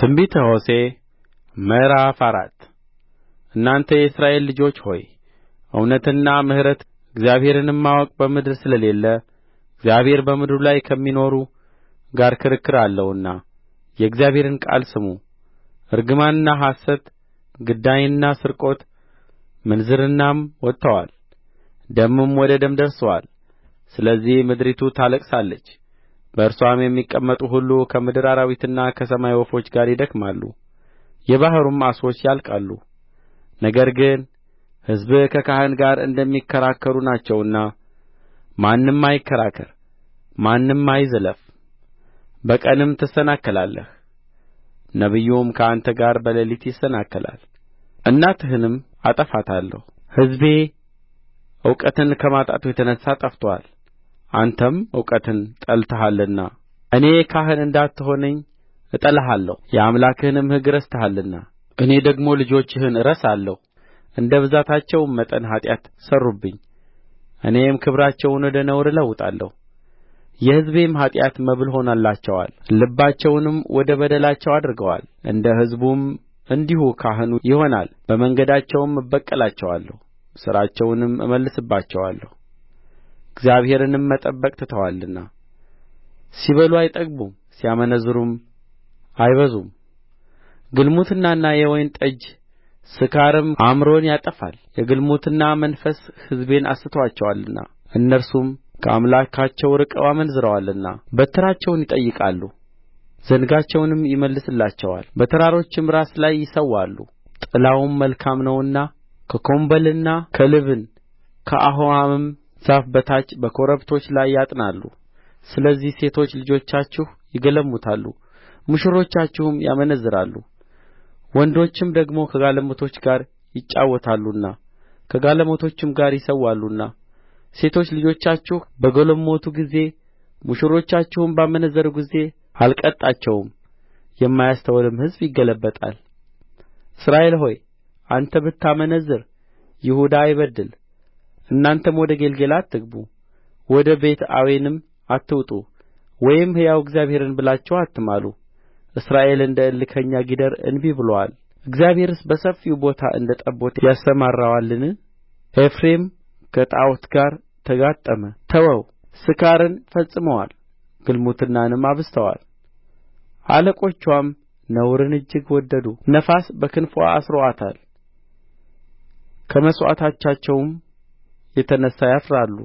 ትንቢተ ሆሴዕ ምዕራፍ አራት እናንተ የእስራኤል ልጆች ሆይ እውነትና ምሕረት እግዚአብሔርንም ማወቅ በምድር ስለሌለ እግዚአብሔር በምድሩ ላይ ከሚኖሩ ጋር ክርክር አለውና የእግዚአብሔርን ቃል ስሙ እርግማንና ሐሰት ግዳይና ስርቆት ምንዝርናም ወጥተዋል ደምም ወደ ደም ደርሶአል ስለዚህ ምድሪቱ ታለቅሳለች በእርስዋም የሚቀመጡ ሁሉ ከምድር አራዊትና ከሰማይ ወፎች ጋር ይደክማሉ የባሕሩም ዓሦች ያልቃሉ ነገር ግን ሕዝብህ ከካህን ጋር እንደሚከራከሩ ናቸውና ማንም አይከራከር ማንም አይዝለፍ በቀንም ትሰናከላለህ ነቢዩም ከአንተ ጋር በሌሊት ይሰናከላል እናትህንም አጠፋታለሁ ሕዝቤ እውቀትን ከማጣቱ የተነሣ ጠፍቶአል አንተም እውቀትን ጠልተሃልና እኔ ካህን እንዳትሆነኝ እጠላሃለሁ የአምላክህንም ሕግ ረስተሃልና እኔ ደግሞ ልጆችህን እረሳለሁ እንደ ብዛታቸውም መጠን ኃጢአት ሠሩብኝ እኔም ክብራቸውን ወደ ነውር እለውጣለሁ የሕዝቤም ኃጢአት መብል ሆኖላቸዋል ልባቸውንም ወደ በደላቸው አድርገዋል እንደ ሕዝቡም እንዲሁ ካህኑ ይሆናል በመንገዳቸውም እበቀላቸዋለሁ ሥራቸውንም እመልስባቸዋለሁ እግዚአብሔርንም መጠበቅ ትተዋልና ሲበሉ አይጠግቡም ሲያመነዝሩም አይበዙም ግልሙትናና የወይን ጠጅ ስካርም አእምሮን ያጠፋል የግልሙትና መንፈስ ሕዝቤን አስቶአቸዋልና እነርሱም ከአምላካቸው ርቀው አመንዝረዋልና በትራቸውን ይጠይቃሉ ዘንጋቸውንም ይመልስላቸዋል በተራሮችም ራስ ላይ ይሠዋሉ ጥላውም መልካም ነውና ከኮምበልና ከልብን ከአሆማም ዛፍ በታች በኮረብቶች ላይ ያጥናሉ ስለዚህ ሴቶች ልጆቻችሁ ይገለሙታሉ ሙሽሮቻችሁም ያመነዝራሉ ወንዶችም ደግሞ ከጋለሞቶች ጋር ይጫወታሉና ከጋለሞቶችም ጋር ይሠዋሉና ሴቶች ልጆቻችሁ በገለሞቱ ጊዜ ሙሽሮቻችሁም ባመነዘሩ ጊዜ አልቀጣቸውም የማያስተውልም ሕዝብ ይገለበጣል እስራኤል ሆይ አንተ ብታመነዝር ይሁዳ አይበድል እናንተም ወደ ጌልገላ አትግቡ ወደ ቤትአዌንም አትውጡ ወይም ሕያው እግዚአብሔርን ብላችሁ አትማሉ እስራኤል እንደ እልከኛ ጊደር እንቢ ብሎአል እግዚአብሔርስ በሰፊው ቦታ እንደ ጠቦት ያሰማራዋልን ኤፍሬም ከጣዖት ጋር ተጋጠመ ተወው ስካርን ፈጽመዋል ግልሙትናንም አብዝተዋል አለቆችዋም ነውርን እጅግ ወደዱ ነፋስ በክንፍዋ አስሮአታል ከመሥዋዕቶቻቸውም የተነሣ ያፍራሉ